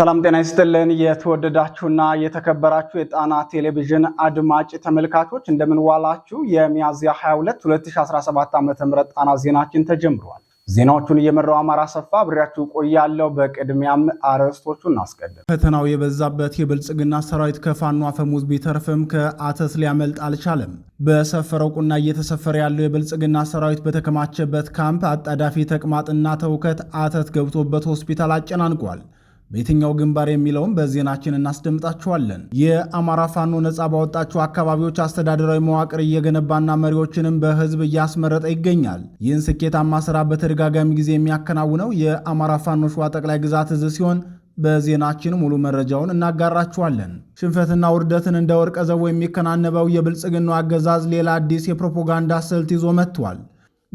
ሰላም ጤና ይስጥልን። የተወደዳችሁና የተከበራችሁ የጣና ቴሌቪዥን አድማጭ ተመልካቾች እንደምንዋላችሁ። የሚያዝያ 22 2017 ዓ ም ጣና ዜናችን ተጀምሯል። ዜናዎቹን እየመራው አማራ ሰፋ ብሬያችሁ ቆያለው። በቅድሚያም አርዕስቶቹን እናስቀድም። ፈተናው የበዛበት የብልጽግና ሰራዊት ከፋኖ አፈሙዝ ቢተርፍም ከአተት ሊያመልጥ አልቻለም። በሰፈረው ቁና እየተሰፈረ ያለው የብልጽግና ሰራዊት በተከማቸበት ካምፕ አጣዳፊ ተቅማጥና ተውከት አተት ገብቶበት ሆስፒታል አጨናንቋል። በየትኛው ግንባር የሚለውም በዜናችን እናስደምጣችኋለን። የአማራ ፋኖ ነጻ ባወጣቸው አካባቢዎች አስተዳደራዊ መዋቅር እየገነባና መሪዎችንም በህዝብ እያስመረጠ ይገኛል። ይህን ስኬታማ ስራ በተደጋጋሚ ጊዜ የሚያከናውነው የአማራ ፋኖ ሸዋ ጠቅላይ ግዛት እዝ ሲሆን በዜናችን ሙሉ መረጃውን እናጋራችኋለን። ሽንፈትና ውርደትን እንደ ወርቀ ዘቦ የሚከናነበው የብልጽግናው አገዛዝ ሌላ አዲስ የፕሮፓጋንዳ ስልት ይዞ መጥቷል።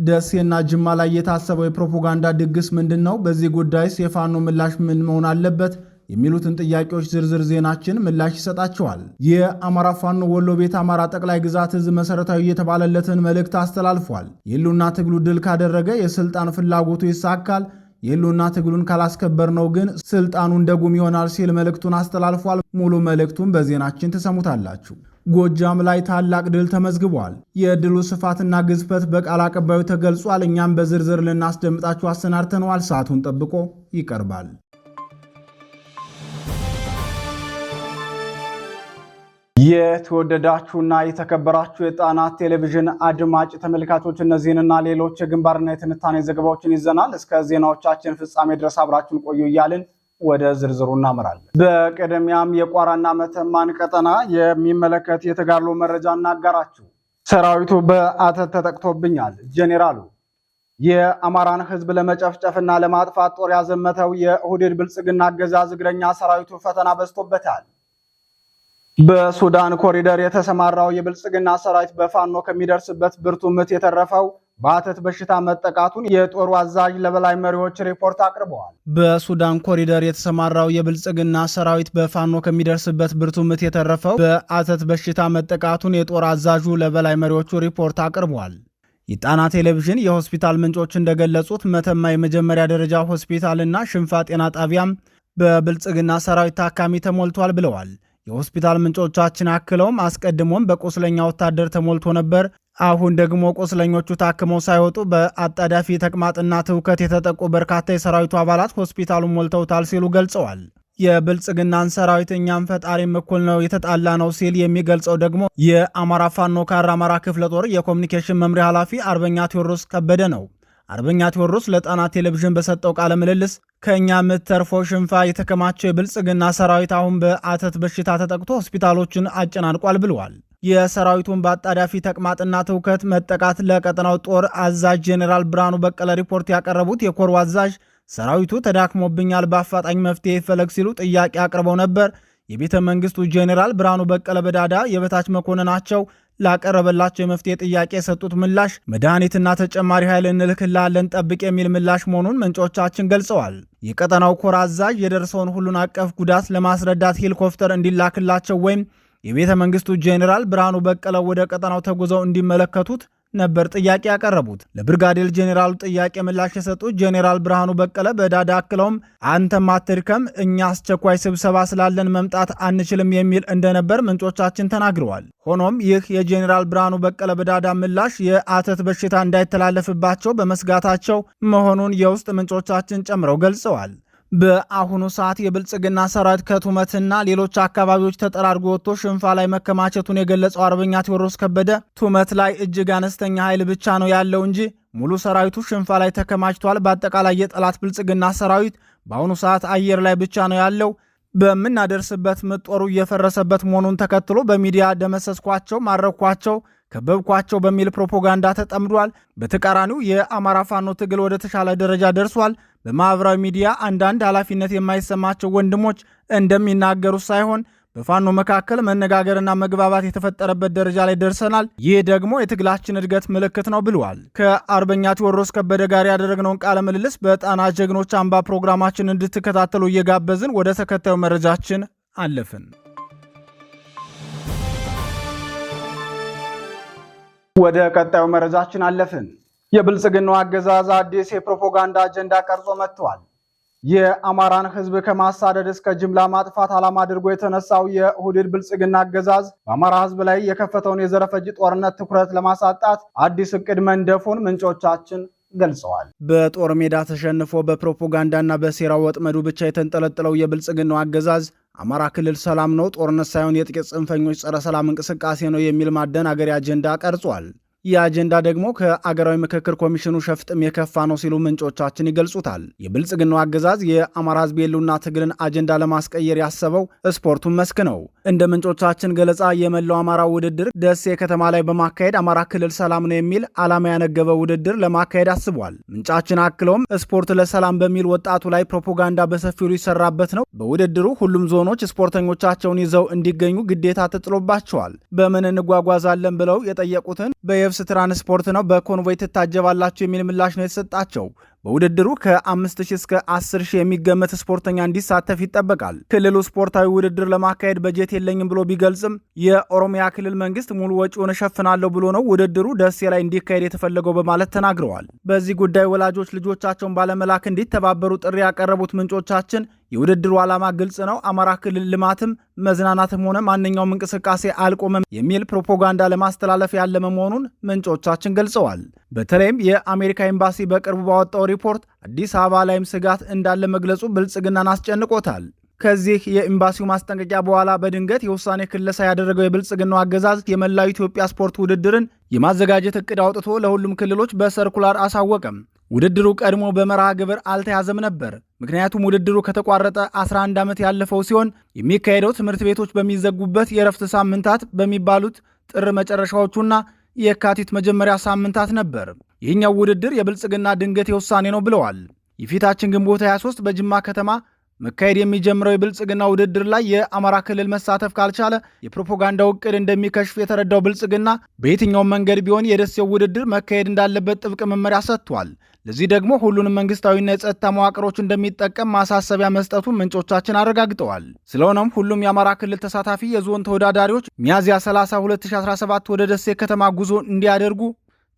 ደሴና ጅማ ላይ የታሰበው የፕሮፓጋንዳ ድግስ ምንድን ነው? በዚህ ጉዳይስ የፋኖ ምላሽ ምን መሆን አለበት? የሚሉትን ጥያቄዎች ዝርዝር ዜናችን ምላሽ ይሰጣቸዋል። የአማራ ፋኖ ወሎ ቤት አማራ ጠቅላይ ግዛት እዝ መሰረታዊ የተባለለትን መልእክት አስተላልፏል። የሉና ትግሉ ድል ካደረገ የስልጣን ፍላጎቱ ይሳካል። የሉና ትግሉን ካላስከበር ነው ግን ስልጣኑ እንደ ጉም ይሆናል ሲል መልእክቱን አስተላልፏል። ሙሉ መልእክቱን በዜናችን ትሰሙታላችሁ። ጎጃም ላይ ታላቅ ድል ተመዝግቧል። የድሉ ስፋትና ግዝፈት በቃል አቀባዩ ተገልጿል። እኛም በዝርዝር ልናስደምጣችሁ አሰናድተነዋል። ሰዓቱን ጠብቆ ይቀርባል። የተወደዳችሁና የተከበራችሁ የጣና ቴሌቪዥን አድማጭ ተመልካቾች እነዚህንና ሌሎች የግንባርና የትንታኔ ዘገባዎችን ይዘናል። እስከ ዜናዎቻችን ፍጻሜ ድረስ አብራችሁን ቆዩ እያልን ወደ ዝርዝሩ እናመራለን። በቅድሚያም የቋራና መተማን ቀጠና የሚመለከት የተጋድሎ መረጃ እናጋራችሁ። ሰራዊቱ በአተት ተጠቅቶብኛል። ጄኔራሉ የአማራን ህዝብ ለመጨፍጨፍና ለማጥፋት ጦር ያዘመተው የእሁድድ ብልጽግና አገዛዝ እግረኛ ሰራዊቱ ፈተና በዝቶበታል። በሱዳን ኮሪደር የተሰማራው የብልጽግና ሰራዊት በፋኖ ከሚደርስበት ብርቱ ምት የተረፈው በአተት በሽታ መጠቃቱን የጦሩ አዛዥ ለበላይ መሪዎች ሪፖርት አቅርበዋል። በሱዳን ኮሪደር የተሰማራው የብልጽግና ሰራዊት በፋኖ ከሚደርስበት ብርቱ ምት የተረፈው በአተት በሽታ መጠቃቱን የጦር አዛዡ ለበላይ መሪዎቹ ሪፖርት አቅርቧል። የጣና ቴሌቪዥን የሆስፒታል ምንጮች እንደገለጹት መተማ የመጀመሪያ ደረጃ ሆስፒታልና ሽንፋ ጤና ጣቢያም በብልጽግና ሰራዊት ታካሚ ተሞልቷል ብለዋል። የሆስፒታል ምንጮቻችን አክለውም አስቀድሞም በቁስለኛ ወታደር ተሞልቶ ነበር። አሁን ደግሞ ቁስለኞቹ ታክመው ሳይወጡ በአጣዳፊ ተቅማጥና ትውከት የተጠቁ በርካታ የሰራዊቱ አባላት ሆስፒታሉን ሞልተውታል ሲሉ ገልጸዋል። የብልጽግናን ሰራዊት እኛም ፈጣሪም እኩል ነው የተጣላ ነው ሲል የሚገልጸው ደግሞ የአማራ ፋኖ ካራ አማራ ክፍለ ጦር የኮሚኒኬሽን መምሪያ ኃላፊ አርበኛ ቴዎድሮስ ከበደ ነው። አርበኛ ቴዎድሮስ ለጣና ቴሌቪዥን በሰጠው ቃለ ምልልስ ከእኛ ምት ሽንፋ የተከማቸው የብልጽግና ሰራዊት አሁን በአተት በሽታ ተጠቅቶ ሆስፒታሎችን አጨናንቋል ብለዋል። የሰራዊቱን በአጣዳፊ ተቅማጥና ትውከት መጠቃት ለቀጠናው ጦር አዛዥ ጄኔራል ብርሃኑ በቀለ ሪፖርት ያቀረቡት የኮሩ አዛዥ ሰራዊቱ ተዳክሞብኛል፣ በአፋጣኝ መፍትሄ ይፈለግ ሲሉ ጥያቄ አቅርበው ነበር። የቤተ መንግስቱ ጄኔራል ብርሃኑ በቀለ በዳዳ የበታች መኮንናቸው ላቀረበላቸው የመፍትሄ ጥያቄ የሰጡት ምላሽ መድኃኒትና ተጨማሪ ኃይል እንልክላለን ጠብቅ የሚል ምላሽ መሆኑን ምንጮቻችን ገልጸዋል። የቀጠናው ኮር አዛዥ የደረሰውን ሁሉን አቀፍ ጉዳት ለማስረዳት ሄሊኮፕተር እንዲላክላቸው ወይም የቤተ መንግስቱ ጄኔራል ብርሃኑ በቀለ ወደ ቀጠናው ተጉዘው እንዲመለከቱት ነበር ጥያቄ ያቀረቡት። ለብርጋዴር ጄኔራሉ ጥያቄ ምላሽ የሰጡት ጄኔራል ብርሃኑ በቀለ በዳዳ አክለውም አንተም አትድከም፣ እኛ አስቸኳይ ስብሰባ ስላለን መምጣት አንችልም የሚል እንደነበር ምንጮቻችን ተናግረዋል። ሆኖም ይህ የጄኔራል ብርሃኑ በቀለ በዳዳ ምላሽ የአተት በሽታ እንዳይተላለፍባቸው በመስጋታቸው መሆኑን የውስጥ ምንጮቻችን ጨምረው ገልጸዋል። በአሁኑ ሰዓት የብልጽግና ሰራዊት ከቱመትና ሌሎች አካባቢዎች ተጠራርጎ ወጥቶ ሽንፋ ላይ መከማቸቱን የገለጸው አርበኛ ቴዎድሮስ ከበደ ቱመት ላይ እጅግ አነስተኛ ኃይል ብቻ ነው ያለው እንጂ ሙሉ ሰራዊቱ ሽንፋ ላይ ተከማችቷል። በአጠቃላይ የጠላት ብልጽግና ሰራዊት በአሁኑ ሰዓት አየር ላይ ብቻ ነው ያለው። በምናደርስበት ምጦሩ እየፈረሰበት መሆኑን ተከትሎ በሚዲያ ደመሰስኳቸው፣ ማረኳቸው ከበብኳቸው በሚል ፕሮፓጋንዳ ተጠምዷል። በተቃራኒው የአማራ ፋኖ ትግል ወደ ተሻለ ደረጃ ደርሷል። በማኅበራዊ ሚዲያ አንዳንድ ኃላፊነት የማይሰማቸው ወንድሞች እንደሚናገሩት ሳይሆን በፋኖ መካከል መነጋገርና መግባባት የተፈጠረበት ደረጃ ላይ ደርሰናል። ይህ ደግሞ የትግላችን እድገት ምልክት ነው ብለዋል። ከአርበኛ ቴዎድሮስ ከበደ ጋር ያደረግነውን ቃለ ምልልስ በጣና ጀግኖች አምባ ፕሮግራማችን እንድትከታተሉ እየጋበዝን ወደ ተከታዩ መረጃችን አለፍን። ወደ ቀጣዩ መረጃችን አለፍን። የብልጽግናው አገዛዝ አዲስ የፕሮፓጋንዳ አጀንዳ ቀርጾ መጥቷል። የአማራን ሕዝብ ከማሳደድ እስከ ጅምላ ማጥፋት ዓላማ አድርጎ የተነሳው የሁድድ ብልጽግና አገዛዝ በአማራ ሕዝብ ላይ የከፈተውን የዘረፈጅ ጦርነት ትኩረት ለማሳጣት አዲስ እቅድ መንደፉን ምንጮቻችን ገልጸዋል። በጦር ሜዳ ተሸንፎ በፕሮፓጋንዳና በሴራ ወጥመዱ ብቻ የተንጠለጠለው የብልጽግናው አገዛዝ አማራ ክልል ሰላም ነው፣ ጦርነት ሳይሆን የጥቂት ጽንፈኞች ጸረ ሰላም እንቅስቃሴ ነው የሚል ማደናገሪያ አጀንዳ ቀርጿል። ይህ አጀንዳ ደግሞ ከአገራዊ ምክክር ኮሚሽኑ ሸፍጥም የከፋ ነው ሲሉ ምንጮቻችን ይገልጹታል። የብልጽግናው አገዛዝ የአማራ ህዝብ የሉና ትግልን አጀንዳ ለማስቀየር ያሰበው ስፖርቱን መስክ ነው። እንደ ምንጮቻችን ገለጻ የመላው አማራ ውድድር ደሴ ከተማ ላይ በማካሄድ አማራ ክልል ሰላም ነው የሚል ዓላማ ያነገበ ውድድር ለማካሄድ አስቧል። ምንጫችን አክለውም ስፖርት ለሰላም በሚል ወጣቱ ላይ ፕሮፓጋንዳ በሰፊው ይሰራበት ነው። በውድድሩ ሁሉም ዞኖች ስፖርተኞቻቸውን ይዘው እንዲገኙ ግዴታ ተጥሎባቸዋል። በምን እንጓጓዛለን ብለው የጠየቁትን በየፍ ትራንስፖርት ነው፣ በኮንቮይ ትታጀባላችሁ የሚል ምላሽ ነው የተሰጣቸው። በውድድሩ ከ5000 እስከ 10000 የሚገመት ስፖርተኛ እንዲሳተፍ ይጠበቃል። ክልሉ ስፖርታዊ ውድድር ለማካሄድ በጀት የለኝም ብሎ ቢገልጽም የኦሮሚያ ክልል መንግስት ሙሉ ወጪውን እሸፍናለሁ ብሎ ነው ውድድሩ ደሴ ላይ እንዲካሄድ የተፈለገው በማለት ተናግረዋል። በዚህ ጉዳይ ወላጆች ልጆቻቸውን ባለመላክ እንዲተባበሩ ጥሪ ያቀረቡት ምንጮቻችን የውድድሩ ዓላማ ግልጽ ነው፣ አማራ ክልል ልማትም መዝናናትም ሆነ ማንኛውም እንቅስቃሴ አልቆመም የሚል ፕሮፓጋንዳ ለማስተላለፍ ያለመ መሆኑን ምንጮቻችን ገልጸዋል። በተለይም የአሜሪካ ኤምባሲ በቅርቡ ባወጣው ሪፖርት አዲስ አበባ ላይም ስጋት እንዳለ መግለጹ ብልጽግናን አስጨንቆታል። ከዚህ የኤምባሲው ማስጠንቀቂያ በኋላ በድንገት የውሳኔ ክለሳ ያደረገው የብልጽግናው አገዛዝ የመላው ኢትዮጵያ ስፖርት ውድድርን የማዘጋጀት እቅድ አውጥቶ ለሁሉም ክልሎች በሰርኩላር አሳወቀም። ውድድሩ ቀድሞ በመርሃ ግብር አልተያዘም ነበር። ምክንያቱም ውድድሩ ከተቋረጠ 11 ዓመት ያለፈው ሲሆን የሚካሄደው ትምህርት ቤቶች በሚዘጉበት የእረፍት ሳምንታት በሚባሉት ጥር መጨረሻዎቹና የካቲት መጀመሪያ ሳምንታት ነበር። ይህኛው ውድድር የብልጽግና ድንገት የውሳኔ ነው ብለዋል። የፊታችን ግንቦት 23 በጅማ ከተማ መካሄድ የሚጀምረው የብልጽግና ውድድር ላይ የአማራ ክልል መሳተፍ ካልቻለ የፕሮፓጋንዳው እቅድ እንደሚከሽፍ የተረዳው ብልጽግና በየትኛውም መንገድ ቢሆን የደሴው ውድድር መካሄድ እንዳለበት ጥብቅ መመሪያ ሰጥቷል። ለዚህ ደግሞ ሁሉንም መንግስታዊና የጸጥታ መዋቅሮች እንደሚጠቀም ማሳሰቢያ መስጠቱ ምንጮቻችን አረጋግጠዋል። ስለሆነም ሁሉም የአማራ ክልል ተሳታፊ የዞን ተወዳዳሪዎች ሚያዝያ 30 2017 ወደ ደሴ ከተማ ጉዞ እንዲያደርጉ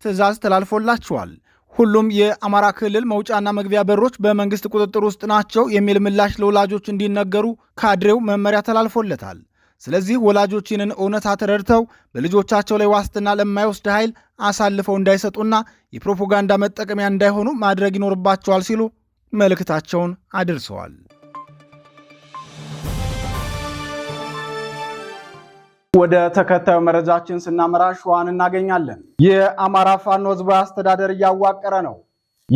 ትዕዛዝ ተላልፎላቸዋል። ሁሉም የአማራ ክልል መውጫና መግቢያ በሮች በመንግስት ቁጥጥር ውስጥ ናቸው የሚል ምላሽ ለወላጆች እንዲነገሩ ካድሬው መመሪያ ተላልፎለታል። ስለዚህ ወላጆች ይህንን እውነታ ተረድተው በልጆቻቸው ላይ ዋስትና ለማይወስድ ኃይል አሳልፈው እንዳይሰጡና የፕሮፓጋንዳ መጠቀሚያ እንዳይሆኑ ማድረግ ይኖርባቸዋል ሲሉ መልእክታቸውን አድርሰዋል። ወደ ተከታዩ መረጃችን ስናመራ ሸዋን እናገኛለን። የአማራ ፋኖ ህዝባዊ አስተዳደር እያዋቀረ ነው።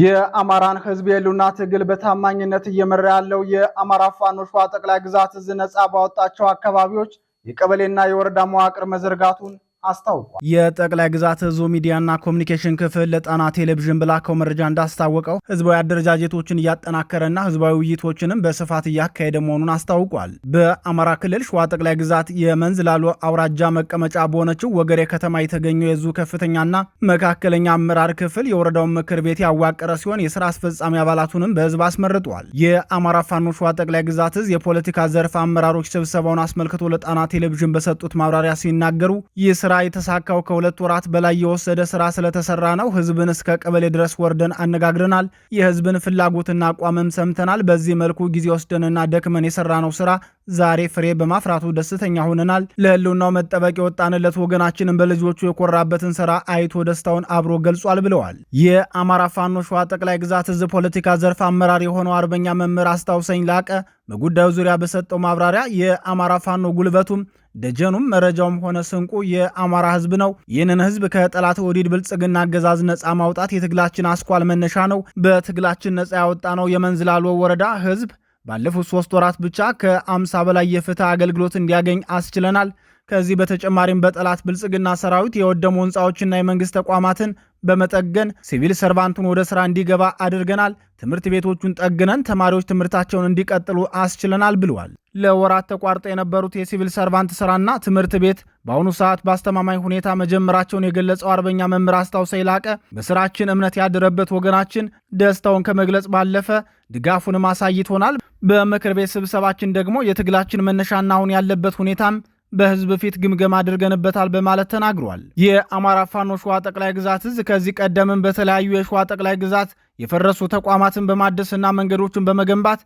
የአማራን ህዝብ የሉና ትግል በታማኝነት እየመራ ያለው የአማራ ፋኖ ሸዋ ጠቅላይ ግዛት እዝ ነጻ ባወጣቸው አካባቢዎች የቀበሌና የወረዳ መዋቅር መዘርጋቱን አስታውቋል። የጠቅላይ ግዛት እዙ ሚዲያና ኮሚኒኬሽን ክፍል ለጣና ቴሌቪዥን በላከው መረጃ እንዳስታወቀው ህዝባዊ አደረጃጀቶችን እያጠናከረና ህዝባዊ ውይይቶችንም በስፋት እያካሄደ መሆኑን አስታውቋል። በአማራ ክልል ሸዋ ጠቅላይ ግዛት የመንዝ ላሉ አውራጃ መቀመጫ በሆነችው ወገሬ ከተማ የተገኘው የዙ ከፍተኛና መካከለኛ አመራር ክፍል የወረዳውን ምክር ቤት ያዋቀረ ሲሆን የስራ አስፈጻሚ አባላቱንም በህዝብ አስመርጧል። የአማራ ፋኖ ሸዋ ጠቅላይ ግዛት ህዝብ የፖለቲካ ዘርፍ አመራሮች ስብሰባውን አስመልክቶ ለጣና ቴሌቪዥን በሰጡት ማብራሪያ ሲናገሩ ይህ ስራ የተሳካው ከሁለት ወራት በላይ የወሰደ ስራ ስለተሰራ ነው። ህዝብን እስከ ቀበሌ ድረስ ወርደን አነጋግረናል። የህዝብን ፍላጎትና አቋምም ሰምተናል። በዚህ መልኩ ጊዜ ወስደንና ደክመን የሰራነው ስራ ዛሬ ፍሬ በማፍራቱ ደስተኛ ሆነናል። ለህልውናው መጠበቅ የወጣንለት ወገናችንን በልጆቹ የኮራበትን ስራ አይቶ ደስታውን አብሮ ገልጿል ብለዋል። የአማራ ፋኖ ሸዋ ጠቅላይ ግዛት እዝ ፖለቲካ ዘርፍ አመራር የሆነው አርበኛ መምህር አስታውሰኝ ላቀ በጉዳዩ ዙሪያ በሰጠው ማብራሪያ የአማራ ፋኖ ጉልበቱም ደጀኑም መረጃውም ሆነ ስንቁ የአማራ ህዝብ ነው። ይህንን ህዝብ ከጠላት ወዲድ ብልጽግና አገዛዝ ነፃ ማውጣት የትግላችን አስኳል መነሻ ነው። በትግላችን ነፃ ያወጣ ነው የመንዝላሎ ወረዳ ህዝብ ባለፉት ሶስት ወራት ብቻ ከአምሳ በላይ የፍትህ አገልግሎት እንዲያገኝ አስችለናል። ከዚህ በተጨማሪም በጠላት ብልጽግና ሰራዊት የወደሙ ህንፃዎችና የመንግስት ተቋማትን በመጠገን ሲቪል ሰርቫንቱን ወደ ስራ እንዲገባ አድርገናል። ትምህርት ቤቶቹን ጠግነን ተማሪዎች ትምህርታቸውን እንዲቀጥሉ አስችለናል ብለዋል። ለወራት ተቋርጦ የነበሩት የሲቪል ሰርቫንት ስራና ትምህርት ቤት በአሁኑ ሰዓት በአስተማማኝ ሁኔታ መጀመራቸውን የገለጸው አርበኛ መምህር አስታውሰ ይላቀ በስራችን እምነት ያደረበት ወገናችን ደስታውን ከመግለጽ ባለፈ ድጋፉንም አሳይቶናል። በምክር ቤት ስብሰባችን ደግሞ የትግላችን መነሻና አሁን ያለበት ሁኔታም በህዝብ ፊት ግምገማ አድርገንበታል በማለት ተናግሯል። የአማራ ፋኖ ሸዋ ጠቅላይ ግዛት እዝ ከዚህ ቀደምም በተለያዩ የሸዋ ጠቅላይ ግዛት የፈረሱ ተቋማትን በማደስና መንገዶችን በመገንባት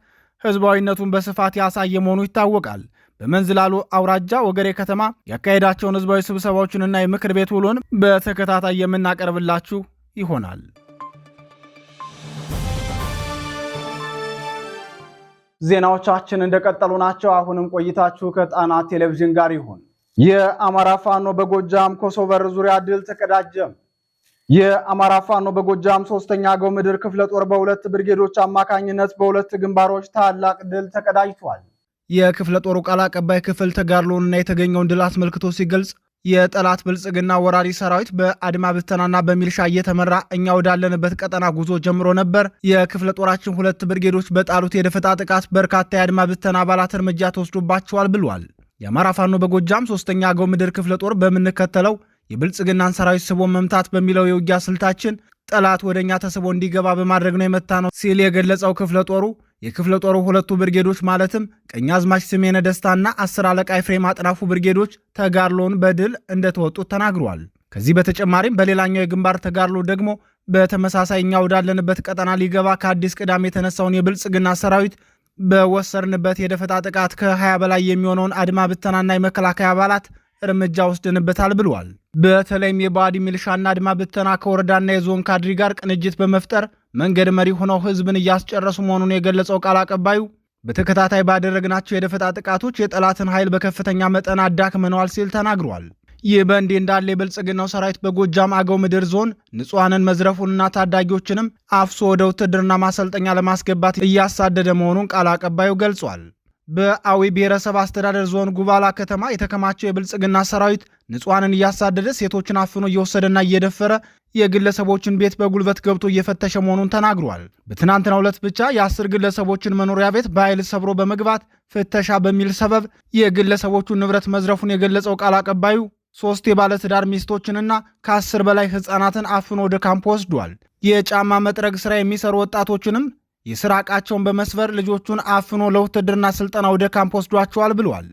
ህዝባዊነቱን በስፋት ያሳየ መሆኑ ይታወቃል። በመንዝላሉ አውራጃ ወገሬ ከተማ ያካሄዳቸውን ህዝባዊ ስብሰባዎችንና የምክር ቤት ውሎን በተከታታይ የምናቀርብላችሁ ይሆናል። ዜናዎቻችን እንደቀጠሉ ናቸው። አሁንም ቆይታችሁ ከጣና ቴሌቪዥን ጋር ይሁን። የአማራ ፋኖ በጎጃም ኮሶቨር ዙሪያ ድል ተቀዳጀም። የአማራ ፋኖ በጎጃም ሶስተኛ አገው ምድር ክፍለ ጦር በሁለት ብርጌዶች አማካኝነት በሁለት ግንባሮች ታላቅ ድል ተቀዳጅቷል። የክፍለ ጦሩ ቃል አቀባይ ክፍል እና የተገኘውን ድል አስመልክቶ ሲገልጽ የጠላት ብልጽግና ወራሪ ሰራዊት በአድማ ብተናና በሚልሻ እየተመራ እኛ ወዳለንበት ቀጠና ጉዞ ጀምሮ ነበር። የክፍለ ጦራችን ሁለት ብርጌዶች በጣሉት የደፈጣ ጥቃት በርካታ የአድማ ብተና አባላት እርምጃ ተወስዶባቸዋል ብሏል። የአማራ ፋኖ በጎጃም ሶስተኛ አገው ምድር ክፍለ ጦር በምንከተለው የብልጽግናን ሰራዊት ስቦ መምታት በሚለው የውጊያ ስልታችን ጠላት ወደ እኛ ተስቦ እንዲገባ በማድረግ ነው የመታ ነው ሲል የገለጸው ክፍለ ጦሩ የክፍለ ጦሩ ሁለቱ ብርጌዶች ማለትም አዝማች ስሜነ ደስታና አስር አለቃ ኤፍሬም አጥናፉ ብርጌዶች ተጋድሎውን በድል እንደተወጡት ተናግሯል። ከዚህ በተጨማሪም በሌላኛው የግንባር ተጋድሎ ደግሞ በተመሳሳይ እኛ ወዳለንበት ቀጠና ሊገባ ከአዲስ ቅዳም የተነሳውን የብልጽግና ሰራዊት በወሰርንበት የደፈጣ ጥቃት ከ20 በላይ የሚሆነውን አድማ ብተናና የመከላከያ አባላት እርምጃ ወስደንበታል ብሏል። በተለይም የባዲ ሚልሻና አድማ ብተና ከወረዳና የዞን ካድሪ ጋር ቅንጅት በመፍጠር መንገድ መሪ ሆነው ህዝብን እያስጨረሱ መሆኑን የገለጸው ቃል አቀባዩ በተከታታይ ባደረግናቸው የደፈጣ ጥቃቶች የጠላትን ኃይል በከፍተኛ መጠን አዳክመነዋል ሲል ተናግሯል። ይህ በእንዲህ እንዳለ የብልጽግናው ሰራዊት በጎጃም አገው ምድር ዞን ንጹሐንን መዝረፉንና ታዳጊዎችንም አፍሶ ወደ ውትድርና ማሰልጠኛ ለማስገባት እያሳደደ መሆኑን ቃል አቀባዩ ገልጿል። በአዊ ብሔረሰብ አስተዳደር ዞን ጉባላ ከተማ የተከማቸው የብልጽግና ሰራዊት ንጹሐንን እያሳደደ ሴቶችን አፍኖ እየወሰደና እየደፈረ የግለሰቦችን ቤት በጉልበት ገብቶ እየፈተሸ መሆኑን ተናግሯል። በትናንትናው ዕለት ብቻ የአስር ግለሰቦችን መኖሪያ ቤት በኃይል ሰብሮ በመግባት ፍተሻ በሚል ሰበብ የግለሰቦቹን ንብረት መዝረፉን የገለጸው ቃል አቀባዩ ሶስት የባለትዳር ሚስቶችንና ከአስር በላይ ህፃናትን አፍኖ ወደ ካምፕ ወስዷል። የጫማ መጥረግ ስራ የሚሰሩ ወጣቶችንም የሥራ በመስበር ልጆቹን አፍኖ ለውትድርና ስልጠና ወደ ካምፕ ወስዷቸዋል ብሏል።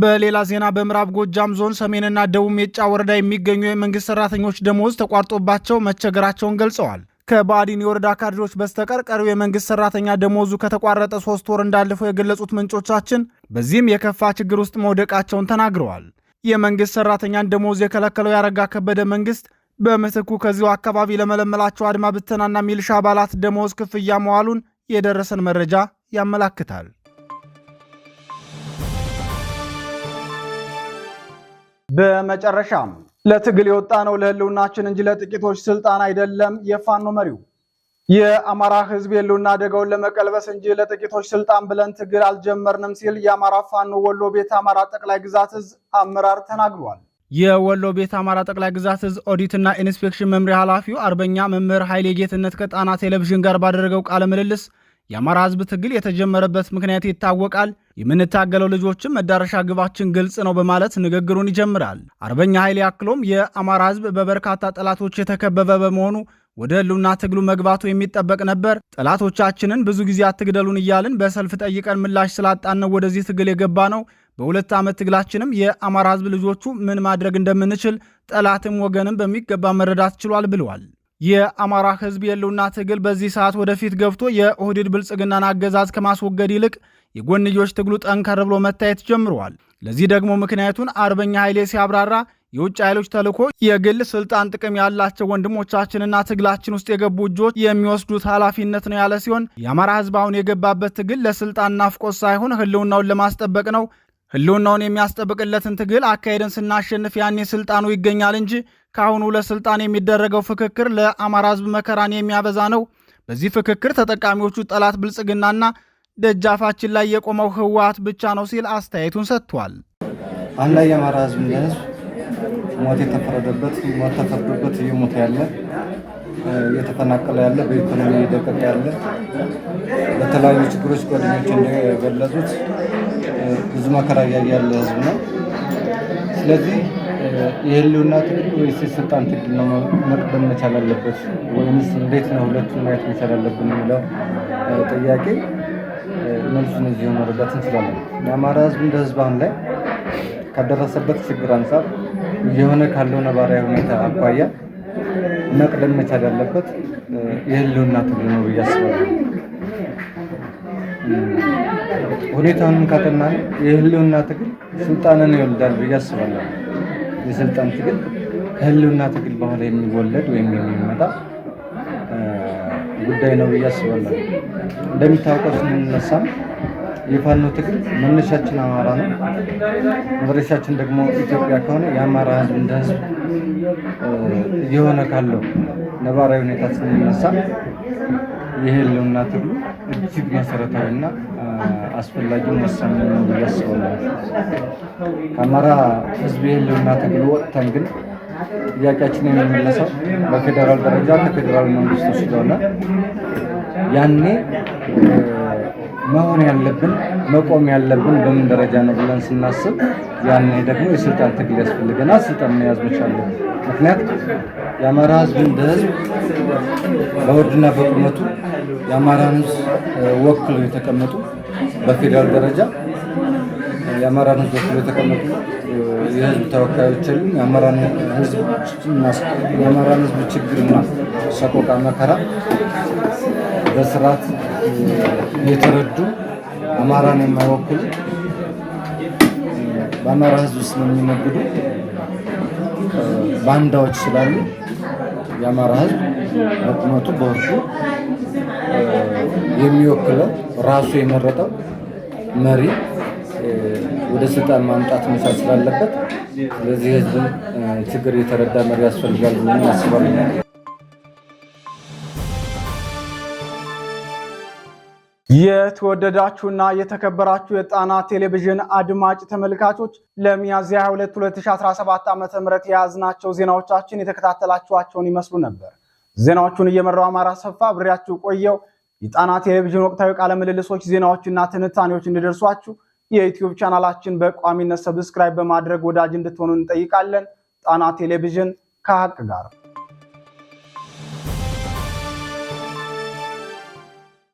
በሌላ ዜና በምዕራብ ጎጃም ዞን ሰሜንና ደቡብ ሜጫ ወረዳ የሚገኙ የመንግስት ሰራተኞች ደሞዝ ተቋርጦባቸው መቸገራቸውን ገልጸዋል። ከባዲን የወረዳ ካድሬዎች በስተቀር ቀሪው የመንግስት ሰራተኛ ደሞዙ ከተቋረጠ ሶስት ወር እንዳለፈው የገለጹት ምንጮቻችን በዚህም የከፋ ችግር ውስጥ መውደቃቸውን ተናግረዋል። የመንግስት ሰራተኛን ደሞዝ የከለከለው ያረጋ ከበደ መንግስት በምትኩ ከዚሁ አካባቢ ለመለመላቸው አድማ ብተናና ሚልሻ አባላት ደሞዝ ክፍያ መዋሉን የደረሰን መረጃ ያመላክታል። በመጨረሻም ለትግል የወጣ ነው ለህልውናችን እንጂ ለጥቂቶች ስልጣን አይደለም። የፋኖ መሪው የአማራ ህዝብ የህልውና አደጋውን ለመቀልበስ እንጂ ለጥቂቶች ስልጣን ብለን ትግል አልጀመርንም ሲል የአማራ ፋኖ ወሎ ቤት አማራ ጠቅላይ ግዛት እዝ አመራር ተናግሯል። የወሎ ቤት አማራ ጠቅላይ ግዛት እዝ ኦዲትና ኢንስፔክሽን መምሪያ ኃላፊው አርበኛ መምህር ኃይሌ ጌትነት ከጣና ቴሌቪዥን ጋር ባደረገው ቃለ ምልልስ የአማራ ህዝብ ትግል የተጀመረበት ምክንያት ይታወቃል። የምንታገለው ልጆችም መዳረሻ ግባችን ግልጽ ነው በማለት ንግግሩን ይጀምራል። አርበኛ ኃይሌ አክሎም የአማራ ህዝብ በበርካታ ጠላቶች የተከበበ በመሆኑ ወደ ህልውና ትግሉ መግባቱ የሚጠበቅ ነበር። ጠላቶቻችንን ብዙ ጊዜ አትግደሉን እያልን በሰልፍ ጠይቀን ምላሽ ስላጣን ነው ወደዚህ ትግል የገባ ነው። በሁለት ዓመት ትግላችንም የአማራ ህዝብ ልጆቹ ምን ማድረግ እንደምንችል ጠላትም ወገንም በሚገባ መረዳት ችሏል ብለዋል። የአማራ ህዝብ የህልውና ትግል በዚህ ሰዓት ወደፊት ገብቶ የኦህዴድ ብልጽግናን አገዛዝ ከማስወገድ ይልቅ የጎንዮች ትግሉ ጠንከር ብሎ መታየት ጀምረዋል። ለዚህ ደግሞ ምክንያቱን አርበኛ ኃይሌ ሲያብራራ የውጭ ኃይሎች ተልዕኮ የግል ስልጣን ጥቅም ያላቸው ወንድሞቻችንና ትግላችን ውስጥ የገቡ እጆች የሚወስዱት ኃላፊነት ነው ያለ ሲሆን የአማራ ህዝብ አሁን የገባበት ትግል ለስልጣን ናፍቆት ሳይሆን ህልውናውን ለማስጠበቅ ነው። ህልውናውን የሚያስጠብቅለትን ትግል አካሄድን ስናሸንፍ ያኔ ስልጣኑ ይገኛል እንጂ ከአሁኑ ለስልጣን የሚደረገው ፍክክር ለአማራ ህዝብ መከራን የሚያበዛ ነው። በዚህ ፍክክር ተጠቃሚዎቹ ጠላት ብልጽግናና ደጃፋችን ላይ የቆመው ህወሓት ብቻ ነው ሲል አስተያየቱን ሰጥቷል። አንድ ላይ የአማራ ህዝብ እንደ ህዝብ ሞት የተፈረደበት ሞት ተፈርዶበት እየሞተ ያለ እየተፈናቀለ ያለ በኢኮኖሚ እየደቀቀ ያለ በተለያዩ ችግሮች ጓደኞች እንደገለጹት ብዙ መከራ እያየ ያለ ህዝብ ነው። ስለዚህ የህልውና ትግል ወይስ የስልጣን ትግል ነው መቅደም መቻል አለበት ወይምስ እንዴት ነው ሁለቱ ማየት መቻል አለብን የሚለው ጥያቄ መልሱ መልሱን እዚሁ መረዳት እንችላለን። የአማራ ህዝብ እንደ ህዝብ አሁን ላይ ካደረሰበት ችግር አንጻር የሆነ ካለው ነባራዊ ሁኔታ አኳያ መቅደም መቻል ያለበት የህልውና ትግል ነው ብዬ አስባለሁ። ሁኔታውንም ካጠናን የህልውና ትግል ስልጣንን ይወልዳል ብዬ አስባለሁ። የስልጣን ትግል ከህልውና ትግል በኋላ የሚወለድ ወይም የሚመጣ ጉዳይ ነው ብዬ አስባለሁ። እንደሚታወቀው ስንነሳም የፋኖ ትግል መነሻችን አማራ ነው፣ መድረሻችን ደግሞ ኢትዮጵያ ከሆነ የአማራ ህዝብ እንደ ህዝብ እየሆነ ካለው ነባራዊ ሁኔታ ስንነሳ የህልውና ትግሉ እጅግ መሰረታዊና አስፈላጊ ወሳኝ ነው ብዬ አስባለሁ። ከአማራ ሕዝብ የህልውና ትግል ወጥተን ግን ጥያቄያችንን የሚመለሰው በፌዴራል ደረጃ ከፌዴራል መንግስት ስለሆነ ያኔ መሆን ያለብን መቆም ያለብን በምን ደረጃ ነው ብለን ስናስብ፣ ያኔ ደግሞ የስልጣን ትግል ያስፈልገናል። ስልጣን መያዝ መቻለ ምክንያት የአማራ ህዝብ እንደ ህዝብ በውርድና በቁመቱ የአማራን ህዝብ ወክሎ የተቀመጡ በፌዴራል ደረጃ የአማራን ህዝብ ወክሎ የተቀመጡ የህዝብ ተወካዮች የሉም። የአማራን ህዝብ ችግርና ሰቆቃ መከራ በስርዓት የተረዱ አማራን የማይወክሉ በአማራ ህዝብ ውስጥ የሚነግዱ ባንዳዎች ስላሉ የአማራ ህዝብ በቁመቱ በወርዱ የሚወክለው ራሱ የመረጠው መሪ ወደ ስልጣን ማምጣት መቻል ስላለበት ስለዚህ ሕዝብ ችግር የተረዳ መሪ ያስፈልጋል ብለን አስባለሁ። የተወደዳችሁና የተከበራችሁ የጣና ቴሌቪዥን አድማጭ ተመልካቾች ለሚያዝያ 22 2017 ዓ.ም የያዝናቸው ዜናዎቻችን የተከታተላችኋቸውን ይመስሉ ነበር። ዜናዎቹን እየመራው አማራ ሰፋ ብሬያችሁ ቆየው። የጣና ቴሌቪዥን ወቅታዊ ቃለ ምልልሶች፣ ዜናዎችና ትንታኔዎች እንዲደርሷችሁ የዩትዩብ ቻናላችን በቋሚነት ሰብስክራይብ በማድረግ ወዳጅ እንድትሆኑ እንጠይቃለን። ጣና ቴሌቪዥን ከሀቅ ጋር